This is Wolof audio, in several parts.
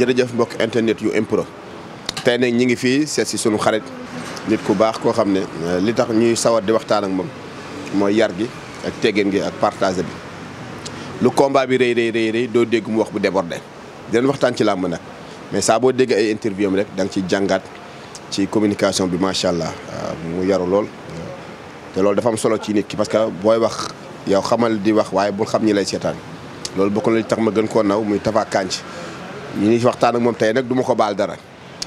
jërëjëf mbokk internet yu impro tey nag ñi ngi fii seet si sunu xarit nit ku baax koo xam ne li tax ñuy sawar di waxtaan ak moom mooy yar gi ak teggeen gi ak partage bi lu combat bi rey rëy rëy doo dégg mu wax bu débordé den waxtaan ci làmb nag mais saa boo dégg ay interview am rek da nga ciy jàngaat ci communication bi macha allah euh, mu yaru lool te loolu dafam solo ci nit ki parce que booy wax yow xamal di wax waaye bul xam ñi lay seetaan loolu bokk na tax ma gën koo naw muy Tapha ñu ngi waxtaan ak moom tey nag du ma ko baal dara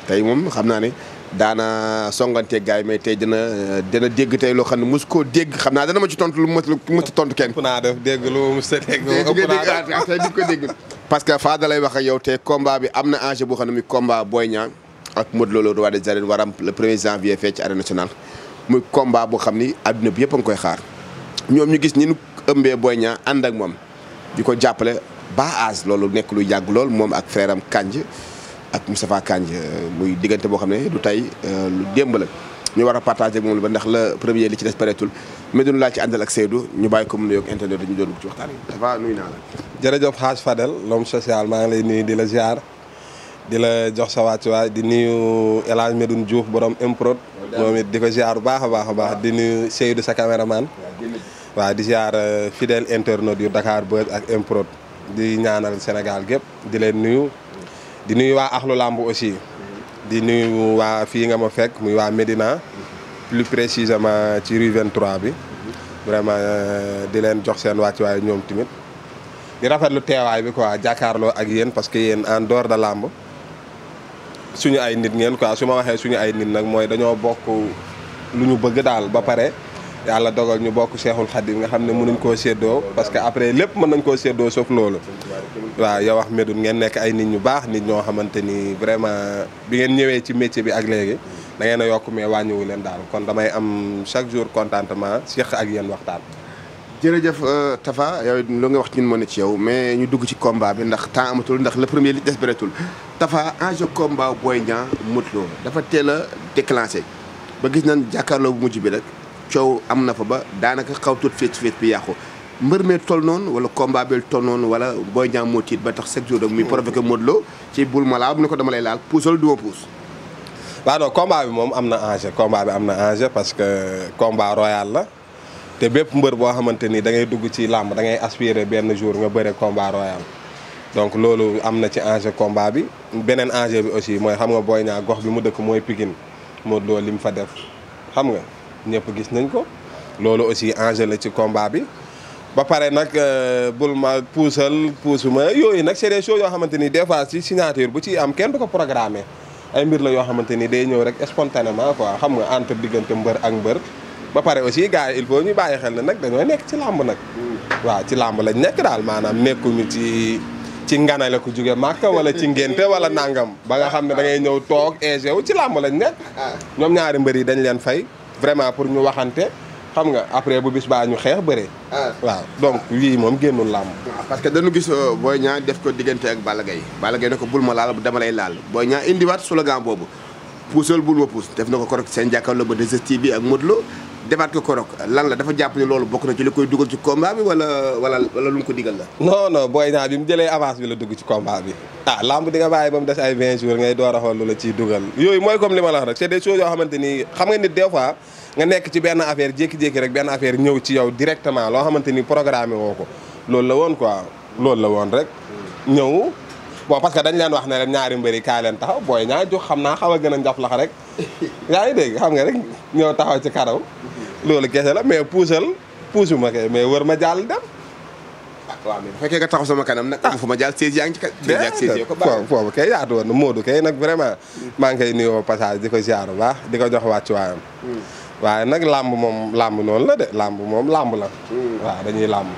tey moom xam naa ne daana songante gaay mais tey dina dina dégg tey loo xam ne mos koo dégg xam naa dana ma ci tontu lu mos lu tontu kenn. ëpp naa def dégg lu mos a ko dégg. parce que faa da lay wax ak yow te combat bi am na enjeu boo xam ne mi combat booy Niang ak Modou Lo roi des arènes waram le premier janvier fee ci arène nationale muy combat boo xam ni adduna bi yëpp nga koy xaar ñoom ñu gis ñi nu ëmbee booy Niang ànd ak moom di ko jàppale. baax âge loolu nekk lu yàgg lool moom ak feeram am Kandji ak Moustapha Kandji euh, muy diggante boo xam ne du tey euh, lu démb la ñu war a partagé moom la ba ndax la premier li ci des pareetul Medoune laa ci àndal ak Seydou ñu bàyyi ko mu nuyoog internet ñu doon ci waxtaan yi dafa nuyu naa la. jërëjëf Hadj Fadel l'homme maa ngi lay nuyu di la ziar di la jox sa wàccuwaay di nuyu El Hadj Medoune Diouf borom improd moom it di ko ziar bu baax a baax a baax di nuyu Seydou sa caméraman. waaw di ziar euh, fidèle internaute yu Dakar Buzz ak improd di ñaanal Sénégal gépp di leen nuyu di nuyu waa axlu làmb aussi di nuyu waa fii nga ma fekk muy waa Médina plus précisément ci rue 23 bi vraiment euh, di leen jox seen wàccuwaay ñoom tamit di rafetlu teewaay bi quoi jàkkaarloo ak yéen parce que yéen en dehors de làmb suñu ay nit ngeen ko su ma waxee suñu ay nit nag mooy dañoo bokk lu ñu bëgg daal ba pare yàlla dogal ñu bokk Cheikhul Khadim nga xam ne mënuñ koo séddoo parce que après lépp mën nañ koo séddoo sauf loolu waaw yow wax Médoune ngeen nekk ay nit ñu baax nit ñoo xamante ni vraiment bi ngeen ñëwee ci métier bi ak léegi da ngeen a yokk mais wàññiwu leen daal kon damay am chaque jour contentement seq ak yéen waxtaan jërëjëf euh, Tafa yow loo nga wax ñun moo ne ci yow mais ñu dugg ci combat bi ndax temps amatul ndax le premier li des bëreetul Tafa enjeu combat Boy Niang Modou Lo dafa teel a déclenché ba gis nañ jàkkaarloo bu bi rek coow am na fa ba daanaka xaw tuut féet féet bi yàqu mbër mee toll noonu wala combat bi toll noonu wala Boy Niang moo tiit ba tax chaque jour de muy provoqué Modou Lo ci bul ma laal bu ne ko dama lay laal puusal du ma puus. waaw bi moom am na enjeu combat am na enjeu parce que combat royal la te bépp mbër boo xamante ni da ngay dugg ci làmb da ngay aspirer benn jour nga bëre combat donc loolu am na ci enjeu combat bi beneen enjeu bi aussi mooy xam nga Boy Niang gox bi mu dëkk mooy Pikine Modou Lo li mu fa def xam nga. ñëpp gis nañ ko loolu aussi enjeu la ci combat bi ba pare nag euh, bul ma puusal puusuma yooyu nag c'est des choses yoo xamante ni des fois ci signature bu ci am kenn du ko programme ay mbir la yoo xamante ni day ñëw rek spontanément quoi xam nga entre diggante mbër ak mbër ba pare aussi gars il faut ñu bàyyi xel ne nag dañoo nekk ci làmb nag waaw ci làmb lañ nekk daal maanaam nekkuñu ci ci ngana la ko jóge wala ci ngénte wala nangam ba nga xam ne da ngay ñëw toog ege wu ci làmb lañ nekk ah. ñoom ñaari mbër yi dañ leen fay vraiment pour ñu waxante xam nga après bu bis baa ñu xeex bëre. Ah. waaw donc lii moom génnul laam ah, parce que dañu gis euh, Boy Niang def ko diggante ak Balla Gaye bala Gaye ne ko bul ma laal dama lay laal Boy Niang indiwaat slogan boobu puusal bul ma puus def na ko korog seen jàkkaarloo ba 2STV bi ak Modou Lo defaat ko korok lan la dafa jàpp ne loolu bokk na ci koy dugal ci combat bi wala wala wala lu mu ko digal la. non booy naa mu jëlee avance bi la dugg ci combat bi. ah lamb di nga bàyyi ba mu des ay 20 jours ngay door a xool lu la ciy dugal yooyu mooy comme li ma la wax rek c'est des choses yoo xamante xam nga nit des nga nekk ci benn affaire jékki-jékki rek benn affaire ñëw ci yow directement loo xamante ni programmé woo ko loolu la woon quoi loolu la woon rek ñëw. bon parce que dañ leen wax ne rek ñaari mbëri kaay leen taxaw booy ñaar ju xam naa xaw a gën a njaf lax rek yaa ngi dégg xam nga rek ñëw taxaw ci karaw loolu kese la mais puusal bu ma kay mais wër ma jàll dem waaw mais bu fekkee nga taxaw sama kanam nag amu ah. fu ma jaal siège yaa ngi ci siège ko baax foofu kay yaatu woon na Modou kay nag vraiment maa ngi koy nuyoo passage di ko ziar waa baax di ko jox wàccuwaayam hmm. waaye nag làmb moom làmb noonu la de làmb moom làmb la hmm. waaw dañuy làmb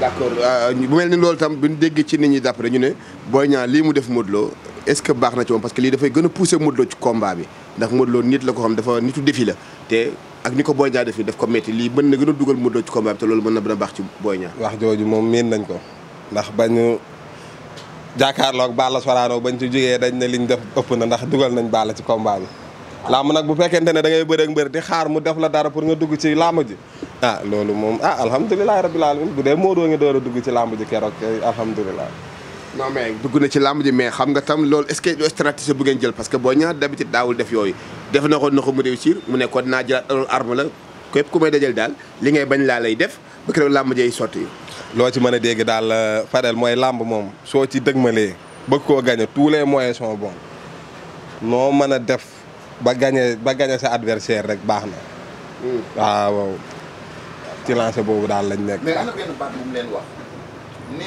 d' accord ah, ah, bu mel ni loolu tam bu ñu déggee ci nit ñi d'après ñu ne Boy Niang lii mu def Modou Lo est ce que baax na ci moom parce que lii dafay gën a poussé Modou Lo ci kombaa bi ndax nit la ko xam dafa nitu défi la te ak ni ko Boy Niang ko métti lii mën na gën a dugal Modou Lo ci combat bi te loolu mën na a baax ci Boy Niang wax jooju moom miin nañ ko ndax bañu jàkkaarloog Balla Sorano bañ ci jógee dañ ne liñ def ëpp na ndax dugal nañ Balla ci combat bi làmb nag bu fekkente ne da ngay bëreeg mbër di xaar mu def la dara pour nga dugg ci làmb ji ah loolu moom ah alhamdulilah rabbil alamin bu dee Modou nga door a dugg ci làmb ji keroog alhamdulilah non mais dugg na ci làmb ji mais xam nga tam loolu est-ce bu ngeen jël parce que boo ñaar d'habitude daawul def yooyu def na ko na ko mu réussir mu ne naa jëlaat loolu arme la ku may dajal daal li ngay bañ laa lay def ba keroog làmb loo ci mën a dégg daal euh, Fadel mooy làmb moom soo ci dëgmalee bëgg koo gañe tous les moyens sont bons noo mën a def ba gagné ba gagné sa adversaire rek baax na. Hmm. waaw ci lancé boobu daal lañ nekk. mais am na benn baat bu mu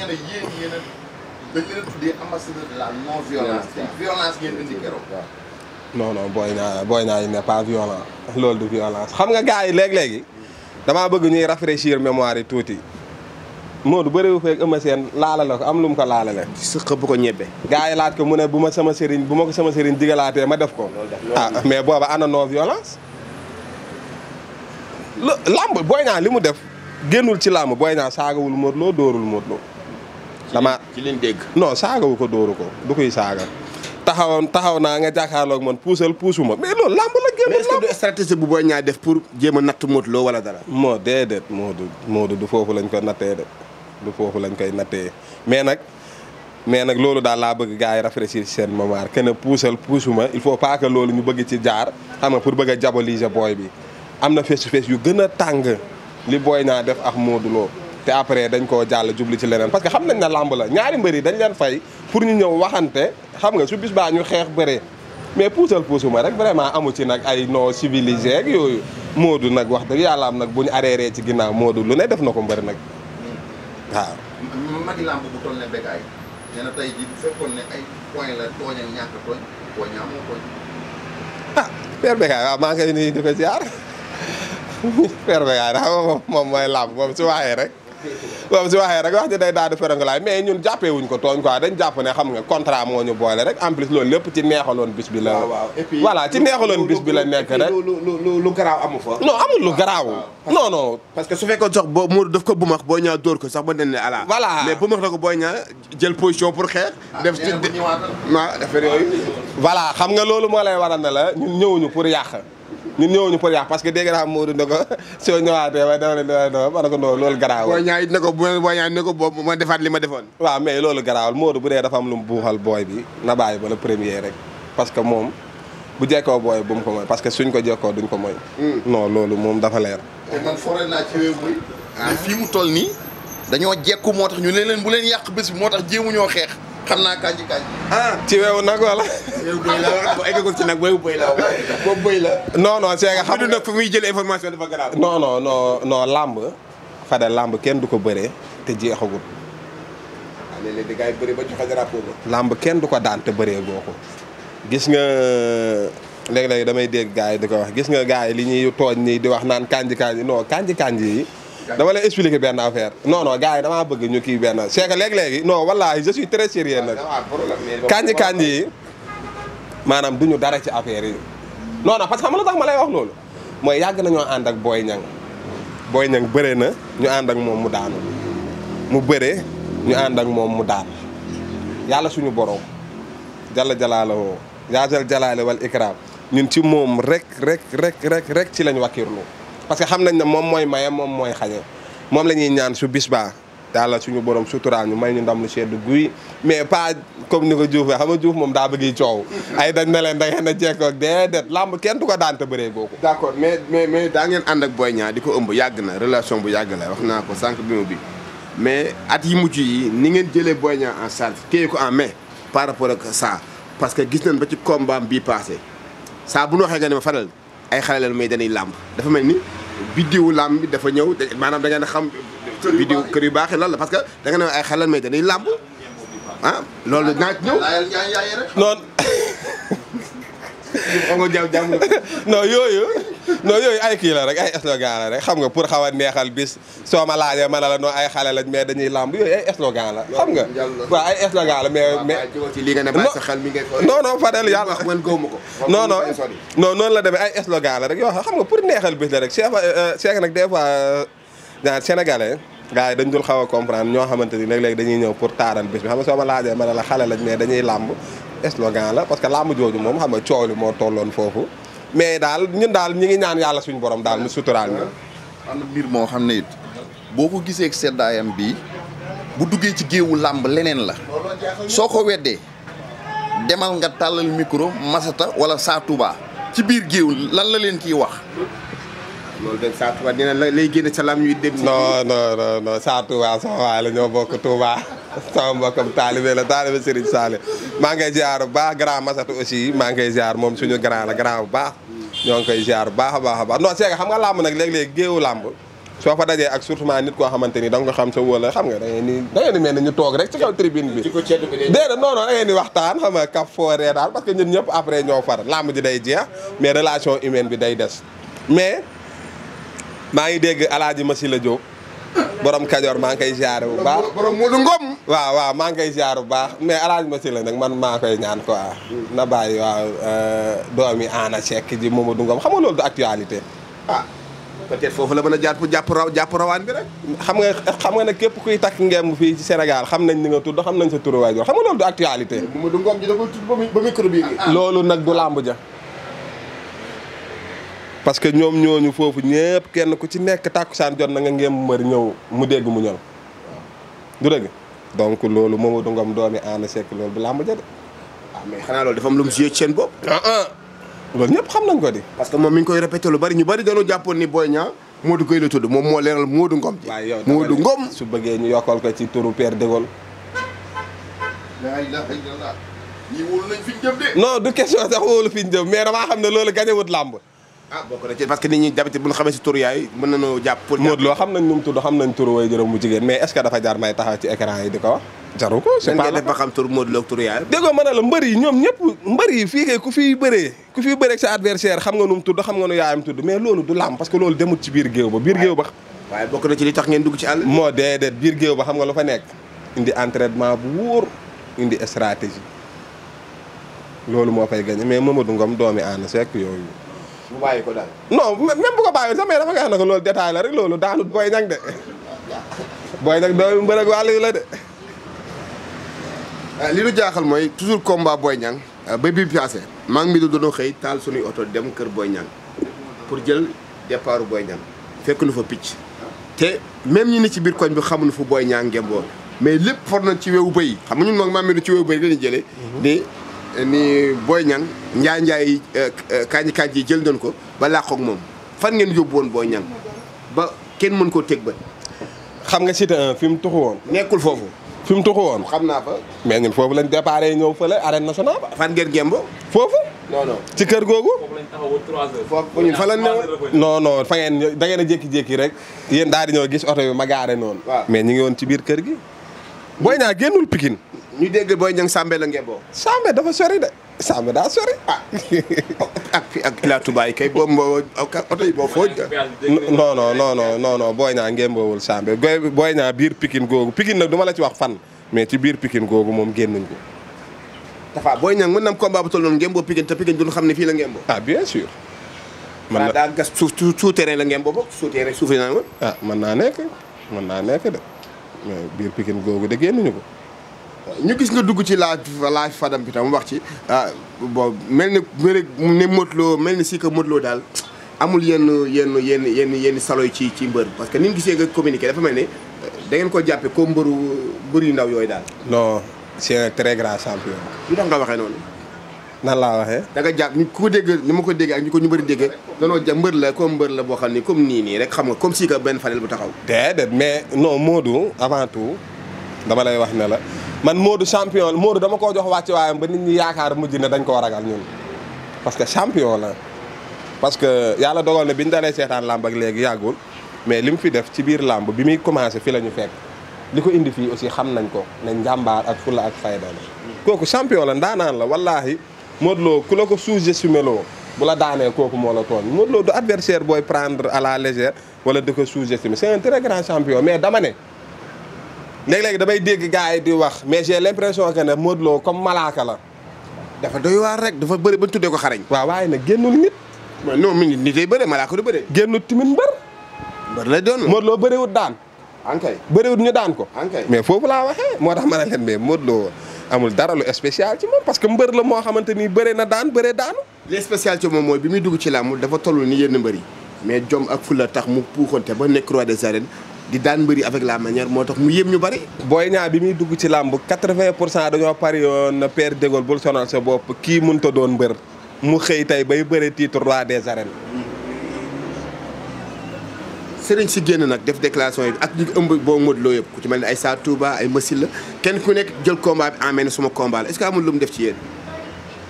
de la non violence. violence ngeen booy naa booy naa yi ne pas violent loolu du violence xam nga gars yi léeg-léegi damaa bëgg ñuy rafraîchir mémoire yi tuuti. Modou bëriwu feeg Eumeu Sène ko am lu mu ko laalale si xëpp ko ñebbe gars yi laaj bu ma sama seriñ bu ma ko sama sëriñ digalaatee ma def ko ah mais booba ana non violence lamb Boy Niang li mu def génnul ci lamb Boy Niang saagawul Modou Lo dóorul Modou Lo dama ci leen dégg non saagawu ko dóoru ko du koy saaga taxawoon taxaw naa nga jàkkaarloog man puusal puusuma mais loolu lamb la génn. bu booy ñaar def pour jéem a natt Modou Lo wala dara. moo déedéet Modou du foofu lañ ko nattee de. lu foofu lañ koy nattee mais nag mais nag loolu daal laa bëgg gars yi rafraîchir ci seen mémoire que ne puusal puusuma il faut pas que loolu ñu bëgg ci jaar xam nga pour bëgg a booy bi am na face to yu gën a tàng li booy naa def ak Modou Lo te après dañ koo jàll jubli ci leneen parce que xam nañ ne làmb la ñaari mbër yi dañ leen fay pour ñu ñëw waxante xam nga su bis baa ñu xeex bëree mais puusal puusuma rek vraiment amu ci nag ay noo civilisé ak yooyu nag wax dëgg yàlla am nag bu ñu ci ginnaaw moodu lu ne def na ko mbër nag waaw magi làmb bu toll ne Bécaye nee na tey jii bu fekkoon ne ay point la tooñ ak ñàkk tooñ tooñaa moo tooñ ah Père Bécaye waaw maa ngi koy nuyu di ko ziar Père Bécaye daal moom moom mooy làmb moom su waxee rek boobu si waxee rek wax ji day daal di ferangalaay mais ñun jàppee wuñ ko tooñ quoi dañ jàpp ne xam nga contrat moo ñu boole rek en plus loolu lépp ci neexaloon bis bi la voilà ci neexaloon bis bi la nekk rek lu garaaw amu fa non amul lu garaaw non non parce que su fekkoon sax boo mu def ko bumax boo ñaa dóor ko sax ma nen ne ala voilà mais bumax na ko boo ñaa jël position pour xeex ah, def ci waaw affaire yooyu voilà xam nga loolu moo lay wara ne la ñun ñëwuñu pour yàq ñun ñëwuñu pour yàq parce que dégg naa Modou ne ko soo ñëwaatee waaye dama ne dama ma ko non loolu garaawul. booy ñaar it defaat li ma defoon. waaw mais loolu garaawul Modou bu dee dafa am lu mu buuxal booy bi na bàyyi ba le rek parce que moom bu jekkoo booy bu mu ko mooy parce que suñ ko jekkoo duñ ko mooy. Hmm. non loolu moom dafa leer. te man fooree naa ci wéy ah, fii mu toll nii. dañoo jekku moo tax ñu ne leen bu leen yàq bés bi moo tax jéemu ñoo xeex xam naa kanji kanji. ah ci weewu nag wala. weewu bëy la wax ci nag weewu bëy la la. non non c'est jëlee information dafa grave. non non non non làmb Fadel làmb kenn du ko bëree te jeexagul. waaw ah, léeg-léeg da làmb kenn du ko daan te bëree goo ko gis nga léeg-léeg damay dégg gars yi di ko wax gis nga gars yi li ñuy tooñ nii di wax naan kanji kanji non kanji kanji yi. dama lay expliquer benn affaire non non gars yi damaa bëgg ñu kii benn c'est que léegi-léegi non wallaahi je suis très sérieux nag kanji kanji yi maanaam duñu dara ci affaire yi non non parce que xam nga lu ma lay wax loolu mooy yàgg nañoo ànd ak Boy Niang Boy Niang bëree na ñu ànd ak moom mu daanu mu bëree ñu ànd ak moom mu daan yàlla suñu borom jalla jalaalawoo yaajal jalaale wal ikraam ñun ci moom rek rek rek rek rek ci lañ wàkkirlu parce que xam nañ ne moom mooy maye moom mooy xañe moom la ñuy ñaan su bis baa yàlla suñu borom suturaal ñu may ñu ndam lu seddu guy mais pas comme ni ko Diouf xam nga Diouf moom daa bëgg coow. ay dañ na leen da a jékkoog déedéet làmb kenn du ko daan te bëree googu. d' mais mais mais daa ngeen ànd ak di ko ëmb yàgg na relation bu yàgg la wax naa ko sànq bi mu bi mais at yi mujj yi ni ngeen jëlee Boy Niang en charge téye ko en main par rapport ak ça parce que gis neen ba ci combat bi passé saa bu ñu waxee nga ne faral. ay xale lañu may dañuy làmb dafa mel ni biddiwu làmb bi dafa ñëw maanaam da ngeen a xam biddiwu kër yu baax yi lan la parce que da ay xale lañu may dañuy làmb ah loolu naa ñëw non non yooyu non yooyu ay kii la rek ay slogan rek xam nga pour xaw a neexal bis soo ma laajee ma ne la non ay xale lañ mais dañuy làmb yooyu ay slogan la xam nga waaw ay slogan la mais mais non non Fadel yàlla non non non noonu la demee ay slogan la rek yoo xam nga pour neexal bis la rek chef euh, chef nag des fois genre euh, sénégalais gars yi dañ dul xaw a comprendre ñoo xamante ni léeg-léeg dañuy ñëw pour taaral bis bi xam nga soo ma laajee ma ne la xale lañ mais dañuy làmb slogan la parce que làmb jooju moom xam nga coow li moo tolloon foofu mais daal ñun daal ñu ngi ñaan yàlla suñu borom daal mu suturaal ñu. am mbir moo xam ne it boo ko gisee ak seddaayam bii bu duggee ci géewu làmb leneen la soo ko weddee demal nga tàllal micro Masata wala Sa ci biir géew lan la leen kiy wax. loolu de Sa Touba dina dem. non non non Sa Touba sama bokk Touba. sama mbokkam taalibe la taalibe Serigne Saliou maa ngay jaar bu baax grand Massata aussi maa ngay jaar moom suñu grand la grand bu baax ñoo ngi koy jaar bu baax a baax noo baax non c'est xam nga làmb nag léeg-léeg géewu làmb soo fa dajee ak surtout nit koo xamante ni da nga xam sa wala xam nga da ngeen ni da ngeen ni mel ni ñu toog rek ci kaw tribune bi déedéet non non da ngeen ni waxtaan xam nga kaf fooree daal parce que ñun ñëpp après ñoo far làmb ji day jeex mais relation humaine bi day des mais maa ngi dégg Alaaji Masila Diop borom kajoor maa ngi koy ziare bu baax. borom Modou Ngom. waaw waaw maa ngi koy ziare bu baax mais alaaj ma si la nag man maa koy ñaan quoi. na bàyyi waaw euh, doom yi Ana Seck ji Momadou Ngom xam nga loolu du actualité. ah peut-être foofu la mën a jaar pour jàpp raw jàpp rawaan bi rek. xam nga xam nga ne képp kuy takk ngemb fii ci Sénégal xam nañ ni nga tudd xam nañ sa turu waajur xam nga loolu du actualité. Momadou Ngom ji da koy bi. loolu nag du làmb ja. parce que ñoom ñooñu foofu ñëpp kenn ku ci nekk tàkkusaan jot na nga ngeen mbër ñëw mu dégg mu ñor du dëgg donc loolu Mamadou Ngom doomi Ana Seck loolu du làmb ja a ah mais xanaa loolu dafa am lu mu jiyee ci seen bopp. Ah, ah. loolu ñëpp ko di. parce que moom mi ngi koy répété lu bari ñu bari dañoo jàppoon ni Boy Niang Modou moom moo leeral Modou Ngom. waaw yow Modou su bëggee ñu yokkal ko ci turu Père de Gaulle. ñii du question sax wóolu fi ñu jëm mais damaa xam ne loolu gañewut làmb ah bokk na ci parce que nit ñi d'habitude bu ñu xamee si tur yaay mën nañoo jàpp. pour Modou Lo xam nañ nu mu tudd xam nañ tur way juróom mu mais est-ce que dafa jaar may taxaw ci écran yi di ko wax. jaru ko c'est pas def ba xam tur Modou Lo ak nu mu loolu du làmb parce que loolu demut ci biir géew ba biir géew ba. moo déedéet biir géew ba xam nga lu fa nekk indi entraînement bu wóor indi stratégie loolu moo fay gañe mais Mamadou Ngom doomi ànd sekk yooyu mu bàyyi ko daal. non même bu ma bàyyiwul sax mais dafa gaax na ko loolu détail la rek loolu daanut booy ñag de. booy ñag doomu mbër ak wàll yi la de. Euh, li nu jaaxal mooy toujours combat booy Niang euh, ba bi passé maa ngi mi du doon xëy taal suñuy oto dem kër booy Niang pour jël départ booy Niang fekk nu fa picc te même ñi ni ci biir koñ bi xamuñu fu booy Niang ngemboo mais lépp for na ci wewu bëy xam nga ñun moom maa mi du ci wewu bëy dañuy jëlee mhm. ni ni Boy Niang njaay njaay euh, euh, kaaj kaaj yi jël nañ ko ba làqoog moom fan ngeen yóbbu woon boo Niang ba kenn mën koo teg ba xam nga Siteu 1 fi mu tuxu woon nekkul foofu fi mu tuxu woon xam naa fa mais ñun foofu lañ déparé ñëw fële na nationale ba fan ngeen gembo foofu non non ci kër googu foofu ñun fa la ne non ngeen da ngeen a jékki-jékki rek yéen daal di ñëw gis oto yu ma gaare noonu mais ñu ngi woon ci biir kër gi Boy Niang génnul pikin ñu dégg boo Niang Sambé la ngemboo Sambé dafa sori de Samba daa sori ah. ak fi ak Ila Touba yi kay boo boo oto yi boo fooj. non non non booy naa ngeen boowul Samba booy naa biir Pikine googu Pikine nag duma la ci wax fan mais ci biir Pikine googu moom génnuñ ko. Tafa booy ñang mën na am combat bu toll noonu ngeen boo Pikine te xam ne fii la ngeen boo. ah bien sûr. mën gas suuf suuf terrain la ngeen boo bokk suuf terrain suuf naa ah naa nekk mën naa nekk de biir Pikine googu de génnuñu ko. ñu gis nga dugg ci laaj laaj Fadam bi tam wax ci ah bon mel ni ne Modou Lo mel ni si que Modou daal amul yenn yenn yenn yenn yenn salo yi ci ci mbër parce que ni ñu gisee nga communiqué dafa mel ni da ngeen ko jàppee comme mbëru mbër yu ndaw yooyu daal. non c'est un très grand nga waxee noonu. nan laa waxee. da nga ku ko dégg ni ma ko déggee ak ñu ko ñu bëri déggee danoo ja mbër la comme mbër la boo xam ni comme nii nii rek xam nga comme si que benn fanel bu taxaw. déedéet mais non Modou avant tout dama lay wax ne la. man Modou champion la Modou dama koo jox wàcc waayam ba nit ñi yaakaar mujj ne dañ koo ragal ñun parce que champion la parce que yàlla dogal na bi ñu dalee seetaan làmb ak léegi yàggul mais li mu fi def ci biir làmb bi muy commencé fi la ñu fekk li ko indi fii aussi xam nañ ko ne njàmbaar ak fulla ak fayda la kooku champion la ndaanaan la wallaahi Modou loo ku la ko sous-estimé loo bu la daanee kooku moo la tooñ Modou loo du adversaire booy prendre à la légère wala di ko sous-estimer c'est un très mais dama ne léeg-léeg damay dégg gars yi di wax mais j'ai l'impression que ne Modou Lo comme malaaka la dafa doy waar rek dafa bëri ba ñu tuddee ko xarañ waaw waaye nag génnul nit non mi ngi nit day bëre malaaka du bëre génnul timit mbër mbër la doon Modou loo bëriwut daan ankay bëriwut ñu daan ko ankay mais foofu laa waxee moo tax ma ne leen mais amul dara lu spécial ci moom parce que mbër la moo xamante ni bëre na daan bëre daanu li spécial ci moom mooy bi muy dugg ci mu dafa tollu ni yenn mbër yi mais jom ak fulla tax mu puuxante ba nekk roi des di daan mbëri avec la manière moo tax mu yéem ñu bari. booy ñaa bi muy dugg ci làmb 80 pour cent dañoo pari yoon Père de Gaulle bul sonal sa bopp kii mënut a doon mbër mu xëy tey bay bëre titre roi des arènes. sëriñ si génn nag def déclaration yi ak ñu ëmb boo mu Lo yëpp ku ci mel ne ay Sa Touba ay Masila kenn ku nekk jël combat bi emmène suma combat la est-ce que amul lu mu def ci yéen.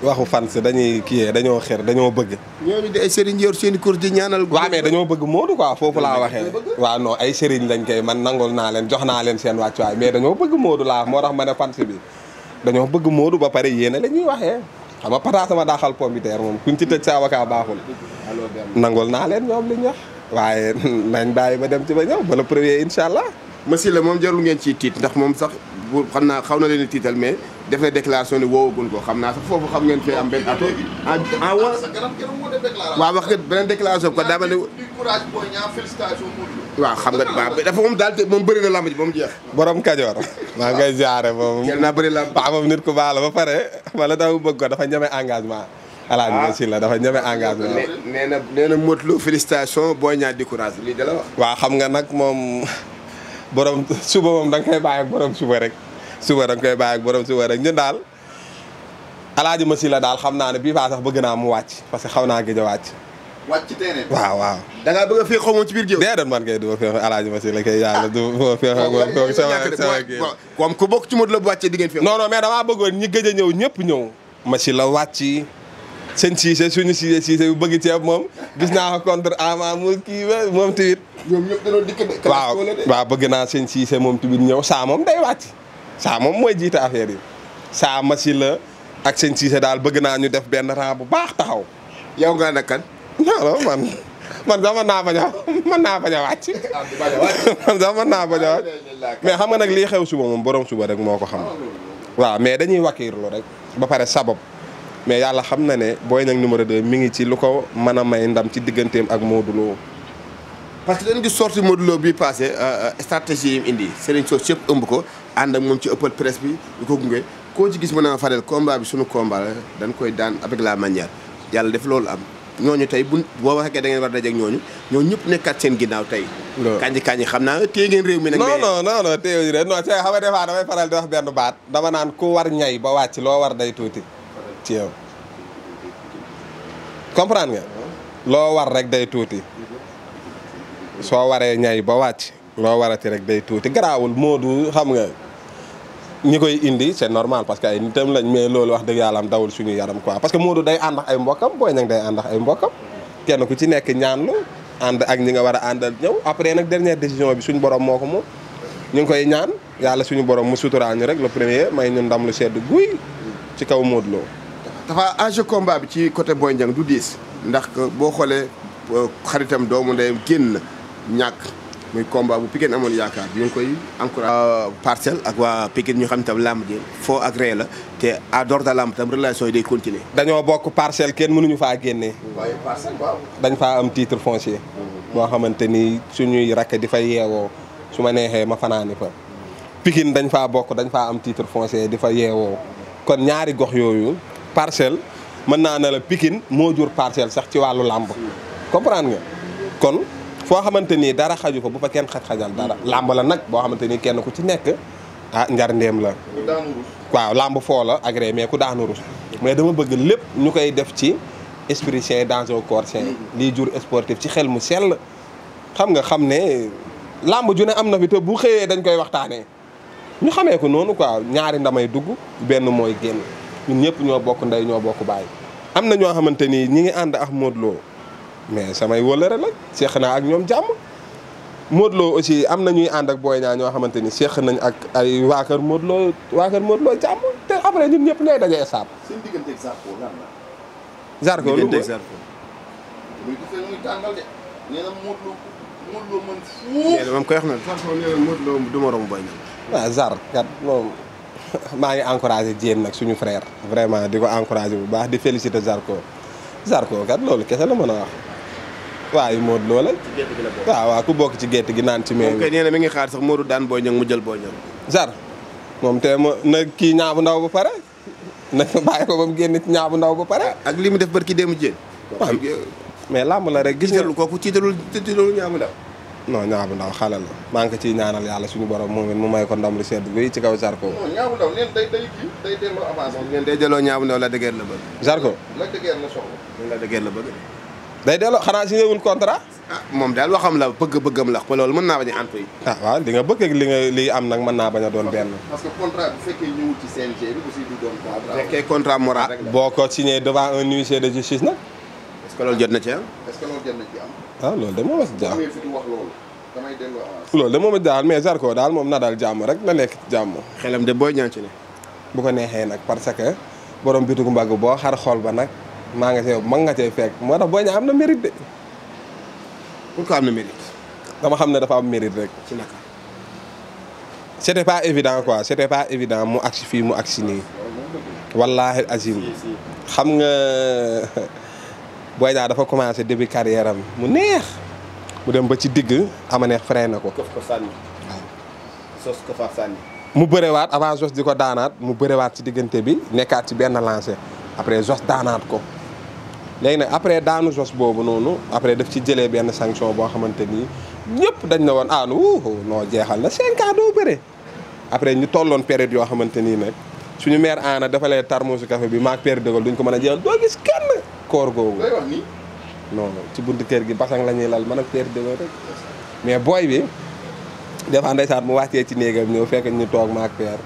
waxu fan si dañuy dañoo xer dañoo bëgg. ñooñu di ay sëriñ yor seen cours di ñaanal. waaw dañoo bëgg Modou quoi foofu laa waxee. waaw non ay sëriñ lañ koy man nangul naa leen jox naa leen seen wàccuwaay mais dañoo bëgg Modou laa moo tax ma ne fan dañoo bëgg Modou ba pare yéene la ñuy waxee xam nga pataas ma daaxal pomme de terre moom kuñ ci tëj sa avocat baaxul. nangul naa leen ñoom li ñu wax waaye nañ bàyyi ba dem ci ba ñëw ba le premier incha allah. Massi la moom jarul ngeen ci tiit ndax moom sax bu xam naa xaw na leen tiital mais def na déclaration ni woowagul ko xam naa sax foofu xam ngeen fee am benn ato ah, en ah, en wa waaw wax nga beneen déclaration ko daa mel nga waaw dafa moom na lamb ji borom kajoor maa ngay ziare moom naa bëri lamb waaw baax la ba pare wala daw bëgg ko dafa ñeme engagement alaaj nga ah. dafa ñeme engagement nee na nee na Modou Lo lii da la xam nga nag moom borom suba moom da nga koy borom suba rek suba da nga koy bàyyi rek daal alaaji ma la daal xam naa ne bii baa sax bëgg naa mu wàcc parce que xaw naa gëj a wàcc wàcc waaw waaw da ngaa bëgg a féexoo moom ci biir géew ma féexoo alaaji masi du ma comme ku bokk ci Modou Lo bu wàccee di ngeen féexoo non non mais damaa bëggoon ñi gëj a ñëw ñëpp ñëw masi la wàcc seen siise suñu siise siise bu bëgg ceeb moom gis naa ko contre ama mu kii moom tamit waaw waaw bëgg naa seen siise moom tamit ñëw saa moom day wàcc saa moom mooy jiite affaire yi saa masi la ak seen siise daal bëgg naa ñu def benn rang bu baax taxaw. yow nga ne kan. non non man man sax mën naa bañ a mën naa ah, man naa bañ a ah, mais xam nga nag lii xew suba moom borom suba rek moo ko xam. Ah, waaw mais dañuy wakiirlu rek ba pare sabab mais yàlla xam na ne Boy Niang numéro 2 mi ngi ci lu ko mën a may ndam ci digganteem ak Modou parce que dañu gis sorti Modou Lo bi passé euh, euh, stratégie yi mu indi Serigne Sos yëpp ëmb ko ànd ak moom ci ëppal presse bi di ko gunge koo ci gis mën a Fadel combat bi suñu combat la dañ koy daan avec la manière yàlla def loolu am ñooñu tey bu boo waxee da a dajeeg ñooñu ñooñu ñëpp nekkaat seen ginnaaw tey. waaw kanji kanji xam naa téye réew mi na mais non non non téye rek xam nga des fois damay di wax benn baat dama naan ku war ñay ba wàcc loo war day tuuti ci yow comprendre nga loo war rek day tuuti. soo waree ñay ba wàcc loo warati rek day tuuti garaawul moodu xam nga ñi koy indi c'est normal parce que ay nitam lañ mais loolu wax dëgg yàlla am dawul suñu yaram quoi parce que Modou day ànd ay mbokkam Boy Niang day ànd ay mbokkam kenn ku ci nekk ñaan lu ànd ak ñi nga war a àndal ñëw après nag dernier décision bi suñu borom moo ko mu ñu ngi koy ñaan yàlla suñu borom mu suturaal ñu rek le premier may ñu ndam lu sedd guy ci kaw Modou loo dafa enjeu combat bi ci côté Boy Niang diis ndax boo xoolee euh, xaritam doomu ndeyam génn. ñàkk muy combat bu Pikine amoon yaakaar ñu ngi koy encouragé euh, parcelle ak waa Pikine ñu xam tam làmb ji foo ak la te à door da tam relation yi day continuer dañoo bokk parcelle kenn mënuñu faa génnee waaye dañ faa am titre foncier mhm. moo xamante ni suñuy rakk di fa yeewoo su ma neexee ma fanaani fa Pikine dañ fa bokk dañ faa am titre foncé di fa yeewoo kon ñaari gox yooyu parcelle mën naa ne la Pikine moo jur parcelle sax ci wàllu làmb mhm. comprendre nga kon foo xamante ni dara xaju fa bu fa kenn xaj-xajal dara làmb la nag boo xamante ni kenn ku ci nekk ah njar ndéem la waaw làmb foo la agré mais ku daanu rus mais dama bëgg lépp ñu koy def ci esprit sain dans un corps sain lii jur sportif ci xel mu sell xam nga xam ne làmb ju ne am na fi te bu xëyee dañ koy waxtaanee ñu xamee ko noonu quoi ñaari ndamay dugg benn mooy génn ñu ñëpp ñoo bokk ndey ñoo bokk baay am na ñoo xamante ni ñi ngi ànd ak Modou mais samay wëllëre la seex naa ak ñoom jàmm. Modou Lo aussi am na ñuy ànd ak Boy Niang ñoo xamante ni seex nañ ak ay waa kër Modou Lo waa kër Modou Lo jàmm te après ñun ñëpp lay daje saab. seen diggante ak de nee na koy wax na Zarko nee na Modou ah, ngi encouragé Diène nag suñu frair vraiment di ko encouragé bu baax di féliciter Zarko Zarko kat loolu kese la mën a wax. waaye yu loola Lo la. ci gerte gi ku bokk ci gerte naan ci. mais kay nee mi ngi xaar sax Modou daan Boy Niang mu jël Boy Niang. Zar moom te ma na kii ñaabu ndaw ba pare na bàyyi ko ba mu génn ci ñaabu ndaw ba pare. ak li mu def barki démb jéen. waaw mais làmb la rek. gis nga kooku tiitalul tiitalul ñaabu ndaw. non ñaabu ndaw xale la maa ngi ko ñaanal yàlla suñu borom moom it mu may ko ndam lu sedd bi ci kaw Zarko. non ñaabu ndaw leen la la bëgg. Zarko la dëgër la soxla. la day delloo xanaa signé wuñ contrat. Ah, moom daal waxam la bëgg-bëggam la ko loolu mën naa bañ a antu yi. ah waaw bëgg ak li nga li am nag mën naa bañ a doon benn. parce que contrat bu fekkee rek ah, boo ko signé devant un huissier que loolu jot na ci am. est ce ah, de moom la si jaaxal loolu. damay delloo avance. moom la daal mais Zarko daal moom na daal jàmm rek na nekk jàmm. xelam de booy ñaan ci ne. bu ko neexee nag parce que borom bitigu mbagg boo xar xool ba nag maa nga see mag nga see fekk moo tax Boy am na mérite de. pourquoi am na mérite. dama xam ne dafa am mérite rek. ci naka. c'était pas évident quoi c'était pas évident mu agsi fii mu agsi nii. wallaahi azim xam nga Boy Niang dafa commencé début carrière am mu neex. mu dem ba ci digg ama neex freiné na ko. këf ko mu bërewaat avant jos di ko daanaat mu bërewaat ci diggante bi nekkaat ci benn lancé après jos daanaat ko. léegi nag après daanu jos boobu noonu après daf ci jëlee benn sanction boo xamante ni ñëpp dañ na woon aanu ah, wuu noo jeexal na cinq ans doo bëre après ñu tolloon période yoo xamante nii nag suñu maire aana dafa lay kafe bi maag père dëgal duñ ko mën a jeexal doo gis kenn koor googu ci buntu gi basang la ñuy lal man ak père dëgal mais booy bi des fois ndeysaan mu wàccee ci néegam ñëw fekk ñu toog maag père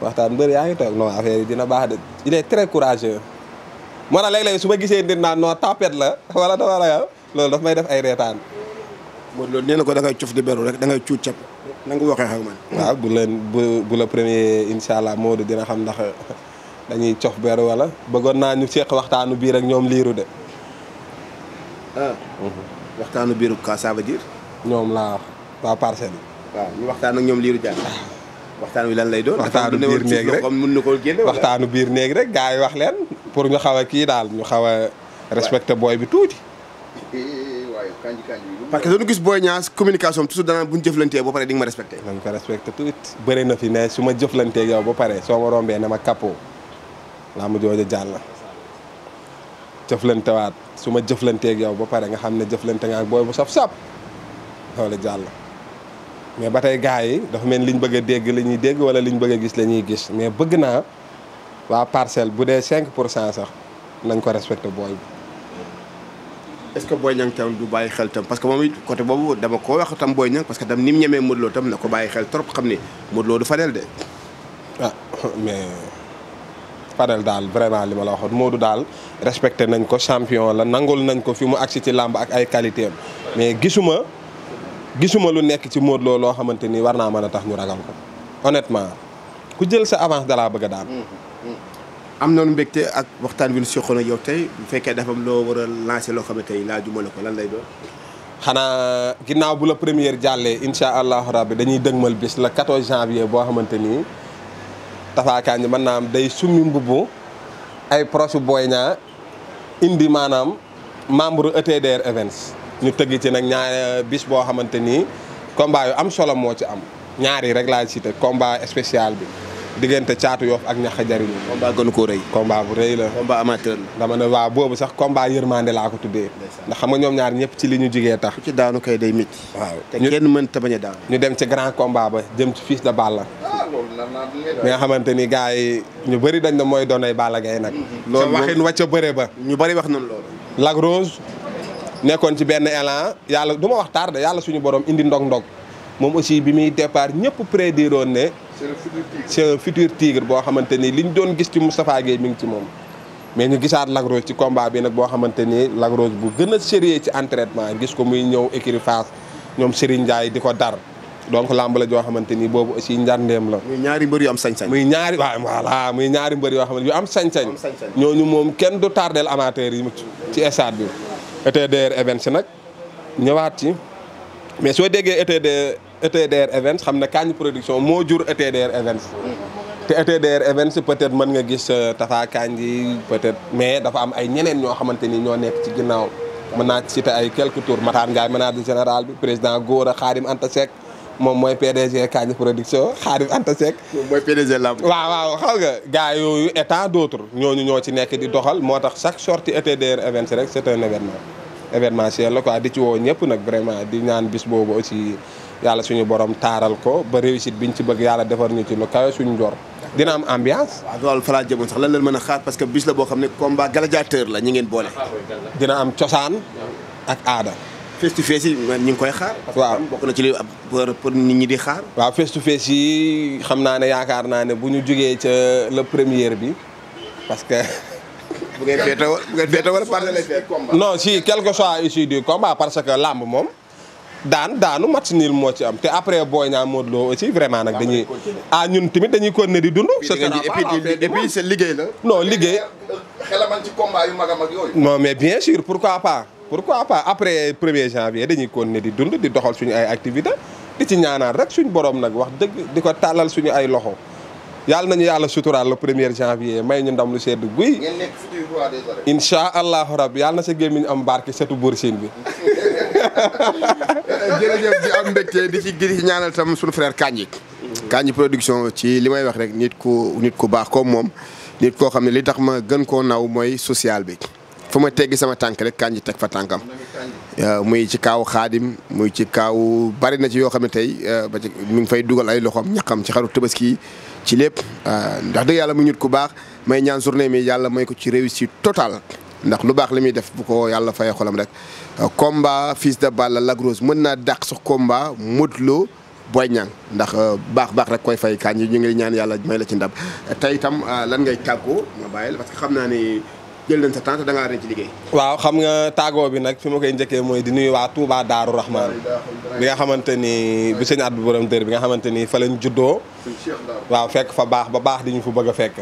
waxtaan mbër yaa ngi toog non affaire yi dina baax de il est très courageux moo tax léeg-léeg su ma gisee nit naan non tapette la wala dafa ragal loolu daf may def ay reetaan. mooy loolu nee ko dangay ngay cof di beru rek da ngay cuut cap na nga waxee xaw ma. waaw bu leen bu bu la premier incha allah Modou dina xam ndax dañuy cof beru wala bëggoon naa ñu seq waxtaanu biir ak ñoom liiru de. ah. Mhm. waxtaanu biiru ka ça veut dire. ñoom laa wax waa waaw ñu waxtaan ak ñoom liiru jaan waxtaan wi lan lay doon. waxtaanu biir néeg rek comme mën na koo génne waxtaanu biir néeg rek gars yi wax leen pour ñu xaw a kii daal ñu xaw a respecté booy bi tuuti. parce que doonu gis booy ñaas communication toujours su bu ñu jëflantee ba pare di nga ma respecté. nañ ko respecté tuuti na fi ne su ma yow ba pare soo ma rombee ne ma capot laa ma jooja jàll na jëflante waat suma jëflanteeg yow ba pare nga xam ne jëflante nga ak booy bu saf-saf loolu jàll mais ba tey gars yi dafa mel liñ bëgg a dégg la ñuy dégg wala liñ bëgg a gis la ñuy gis mais bëgg naa waa parcelle bu dee cinq pour cent sax nañ ko respecté booy bi. est-ce que Boy Niang tam du bàyyi xel tam parce que moom it côté boobu dama ko wax tam Boy Niang parce que tam ni mu ñemee Modou Lo tam na ko bàyyi xel trop xam ni Modou Lo du de. ah mais Fadel daal vraiment li ma la waxoon Modou daal respecté nañ ko champion la nangul nañ ko fi mu agsi ci làmb ak ay qualité gisuma lu nekk ci Modou loo xamante ni war naa mën a tax ñu ragal ko honnêtement ku jël sa avance dalaa bëgg a daan. Mm-hmm. Mm-hmm. na nañu mbégte ak waxtaan bi ñu a yow tey bu fekkee dafa am loo war a lancer loo xamante ni laajuma la ko lan lay doon. xanaa ginnaaw bu la première jàllee incha allahu rabbi dañuy dëgmal bis la 14 janvier boo xamante ni Tapha Kandji mën naa am day summi mbubbu ay proche Boy Niang indi maanaam membre ETDR Events. ñu tëgg ci nag ñaar bis boo xamante ni combat yu am solo moo ci am ñaari rek laa cité combat spécial bi diggante caatu yoof ak ñax jariñu. combat gënu koo rëy. combat bu rëy la. combat amateur la. dama ne waa boobu sax combat yërmande laa ko tuddee. ndax xam nga ñoom ñaari ñëpp ci li ñu jigee tax. ku ci daanu kay day métti. waaw te kenn mën ta bañ ñu dem ci grand combat ba jëm ci fils de Balla. mi nga xamante ni gars yi ñu bëri dañ ne mooy doonay Balla Gaye nag. loolu waxin wàcc bëre ba. ñu bari wax nañ loolu. nekkoon ci benn élan yàlla du ma wax tardé yàlla suñu borom indi ndog-ndog moom aussi bi muy départ ñëpp prédiroon ne. c'est un futur tigre boo xamante ni liñ doon gis ci Moustapha Gueye mi ngi ci moom. mais ñu gisaat Lac ci combat bi nag boo xamante ni Lac Rose bu gën a sérieux ci entraînement gis ko muy ñëw écurie Fass ñoom Serigne Ndiaye di ko dar donc làmb joo xamante ni boobu aussi njarndeem la. muy ñaari mbër yu am sañ-sañ. muy ñaari waaw muy ñaari mbër yoo xamante yu am sañ-sañ. ñooñu moom kenn du tardel amateurs yi ci stade bi. ETDR Events nag ñëwaat ci mais soo été déggee ETD ETDR Events xam na Kañ Production moo jur ETDR Events te ETDR Events peut-être mën nga gis euh, Tafa Kanji peut-être mais dafa am ay ñeneen ñoo xamante ni ñoo nekk ci ginnaaw mën naa citer ay quelques tours Matar Ngaye manager général bi président Gora Xaarim Anta Seck moom mooy PDG Kañ production Xaarif Anta Seck. moom mooy PDG Lamb. waaw waaw xam nga gars yooyu et d'autres ñooñu ñoo ci nekk di doxal moo tax chaque sortie ETDR events rek c'est un événement événementiel la quoi di ci woo ñëpp nag vraiment di ñaan bis boobu aussi yàlla suñu borom taaral ko ba réussite biñ ci bëgg yàlla defar ñu ci lu kawe suñu njor dina am ambiance. waaw loolu fa laa jëmoon mën a xaar parce que bis la boo xam ne combat gladiateur la ñi ngeen boole. dina am cosaan ak aada. face to face yi ñu ngi koy xaar. waaw bokk na ci li pour di xaar. waaw face to face yi xam naa ne yaakaar naa ne bu ñu jugee ca le première bi parce que. bu ngeen féete wala bu ngeen parce que làmb moom daan daanu match nul moo ci am te après Boy Niang Modou aussi vraiment nag dañu ah ñun tamit dañuy continuer di dund. c' liggéey la. non liggéey. xelamal ci combat yu mag a bien sûr pourquoi pas. pourquoi pas après premier janvier dañuy continuer di dund di doxal suñu ay activité di ci ñaanal rek suñu boroom nag wax dëgg di ko tàllal suñu ay loxo yàlla nañu yàlla suturaal le premier janvier may ñu ndam lu sedd guy. ngeen nekk futur roi des arènes. incha allahu rabbi yàlla na sa gémmiñ am barke setu buur bi. jërëjëf di am mbégte di ci di ci ñaanal tam suñu frère Kandji. Kandji production ci li may wax rek nit ku nit ku baax comme moom nit koo xam ne li tax ma gën koo naw mooy social bi. fu ma teggi sama tànk rek Kandji teg fa tànkam muy ci kaaw xaadim muy ci kaaw bari na ci yoo xam ne tey euh, ba ci ngi fay dugal ay loxoom ñaqam ci xaru tabaski ci lépp euh, ndax dëgg yàlla mu ñut ku baax may ñaan journée mi yàlla may ko ci réussir totale ndax lu baax li muy def bu ko yàlla fayee xolam rek euh, combat fils de Balla Lac Rose mën naa dàq sax combat mut Lo Boy Niang ndax baax baax rek koy fay Kandji ñu ngi ñaan yàlla may la ci ndab tey itam lan ngay tàggoo jël nañ da ngaa ci liggéey. waaw xam nga tàggoo bi nag fi ma koy njëkkee mooy di nuyu waa Touba Daaru Rahman bi nga xamante ni bu sëñ at bu borom dër bi nga xamante ni fa lañ juddoo. waaw fekk fa baax ba baax di ñu fa bëgg a fekk.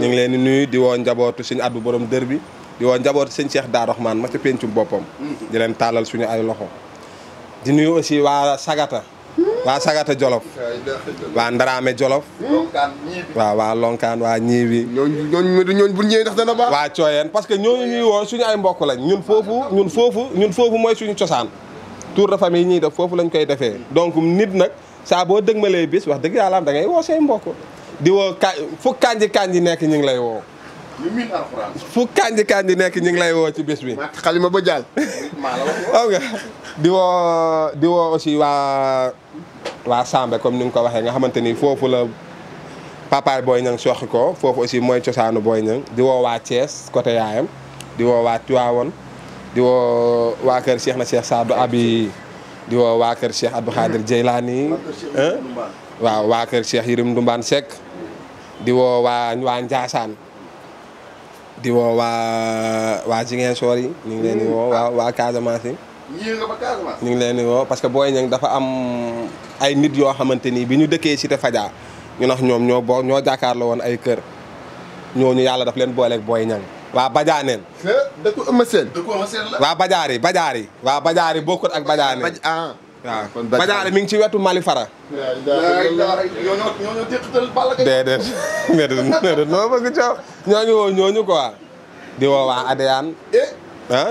ñu ngi leen di nuyu di woo njabootu sëñ at bu borom dër bi di woo njabootu sëñ Cheikh Daaru Rahman ma ca pencum boppam. di leen tàllal suñu ay loxo. di nuyu aussi waa Sagata. waa sagata jolof waa ndaraame jolof waa waa lonkaan waa ñiiwi ñooñu ñooñu bu ñëwee ndax dana baax waa cooyeen parce que ñooñu ñuy woo suñu ay mbokk lañ ñun foofu ñun foofu mooy suñu cosaan tour de famille yi ñuy def foofu lañ koy defee donc nit nag saa boo dëgmalee bis wax dëgg yàlla da ngay woo say mbokk di woo ka fu kanji kanji nekk ñu ngi lay woo ñu miin alxuraan fu nekk ñu ngi lay woo ci bis bi xalima ba jaal maa la wax aussi waa waa Sambé comme ni nga ko waxee nga xamante ni foofu la papaay Boy Niang soxi ko foofu aussi mooy cosaanu booy Niang di woo waa Thiès côté yaayam di woo waa Tivaouane di woo waa kër Cheikh na Cheikh Sadou Abi di woo waa kër Cheikh Abdou Khadir Jeylaani waaw waa kër Cheikh Yirim Ndumbaan Seck diwoo woo waa waa Ndiassane di woo waa waa Ziguinchor yi ñu ngi leen di woo waa waa Casamance yi ngi leen di woo parce que Boy Niang dafa am ay nit yoo xamante ni bi ñu dëkkee Cité Fadia ñu nax ñoom ñoo boo ñoo jàkkaarloo woon ay kër ñooñu yàlla daf leen booleeg booy ñang waa bajaaneen dëkku ëmma seen dëkku ëmma waa bajaar yi ak bajaaneen ah. waaw kon mi ngi ci wetu Mali Fara. déedéet déedéet noo bëgg ñooñu woo ñooñu quoi waa Adéane eh? ah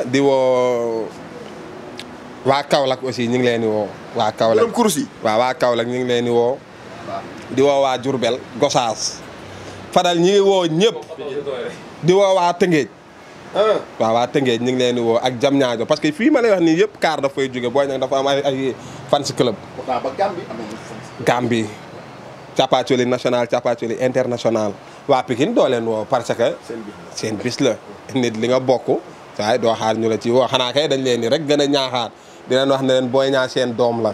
waa Kaolack aussi ñu ngi leen di woo. waa Kaolack borom waa Kaolack ñu ngi leen di woo. di woo waa Diourbel Gosaas. Fadal ñi ngi woo ñëpp. di woo waa Tëngéej. Ah. waaw waa ñu ngi leen di woo ak jam ñaajo parce que fii ma lay wax nii yëpp kaar dafay jóge booy nag dafa am ay ay fans club. waaw ba Gambie am nañu Gambie. Capacoli national international. waa Pikine doo leen woo parce que. seen bis la nit li nga bokk. waaye doo xaar ñu la ci woo xanaa kay dañ leen ni rek gën a ñaaxaat. di wax na leen Boy Niang seen doom la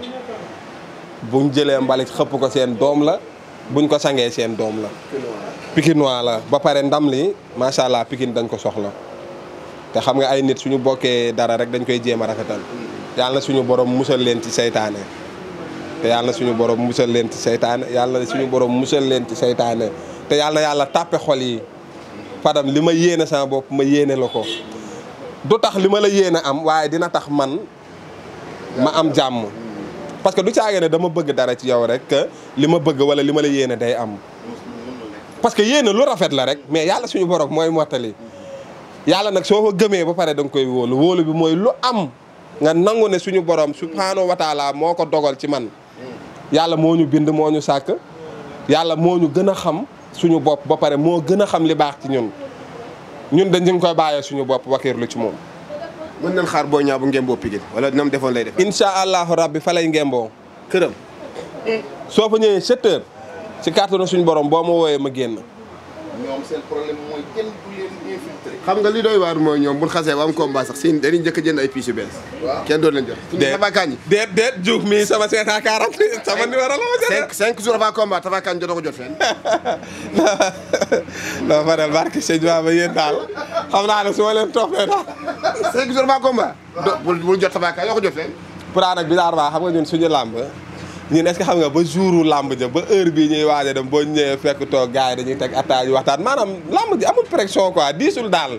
buñ jëlee mbalit xëpp ko seen doom la buñ ko sangee seen doom la. pikinois la ba pare ndam li macha allah pikin dañ ko soxla te xam nga ay nit suñu bokkee dara rek dañ koy jéem a rafetal. yàlla na suñu borom musal leen ci seytaane te suñu borom musal leen ci seytaane yàlla na suñu borom musal leen ci seytaane te yàlla na yàlla tàppe xol yi Fadam li ma yéene sama bopp ma yéene la ko du tax li ma la yéene am waaye dina tax man. ma am jàmm parce que du caage ne dama bëgg dara ci yow rek que li ma bëgg wala li ma la yéene day am parce que yéene lu rafet la rek mais yàlla suñu borom mooy mottali yàlla nag soo ko gëmee ba pare da koy wóolu wóolu bi mooy lu am nga nangu ne suñu borom subhaanahu wa taala moo ko dogal ci man yàlla moo ñu bind moo ñu sàkk yàlla moo ñu gën a xam suñu bopp ba pare moo gën a xam li baax ci ñun ñun dañ ñu koy bàyyee suñu bopp lu ci moom mën nañ xaar boo Niang bu ngemboo Pikine wala nam defoon lay def. incha allahu rabbi fa lay ngemboo këram soo fa ñëwee sept heures si kàttanu suñu borom boo ma wooyee ma génn. xam nga li dooy waar mooy ñoom bu xasee ba am combat sax seen jëkk njëkk a jënd ay piis bees. kenn doon leen jox. déet déet déet Diouf mii sama 540 sama numéro la ma jëlee. 5 5 jours avant combat Tapha Kane jotoo ko jot fenn. non Fadel barke Sëñ Ba ba daal xam naa ne su ma leen toppee daal. 5 jours avant combat. waaw bul jot Tapha Kane yoo ko jot fenn. pourtant nag bi daal xam nga ñun suñu làmb. ñun est xam nga ba jouru làmb ja ba heure bii ñuy waaj a dem boo ñëwee fekk toog gars dañuy teg attaques yu waxtaan maanaam làmb ji amul pression quoi diisul daal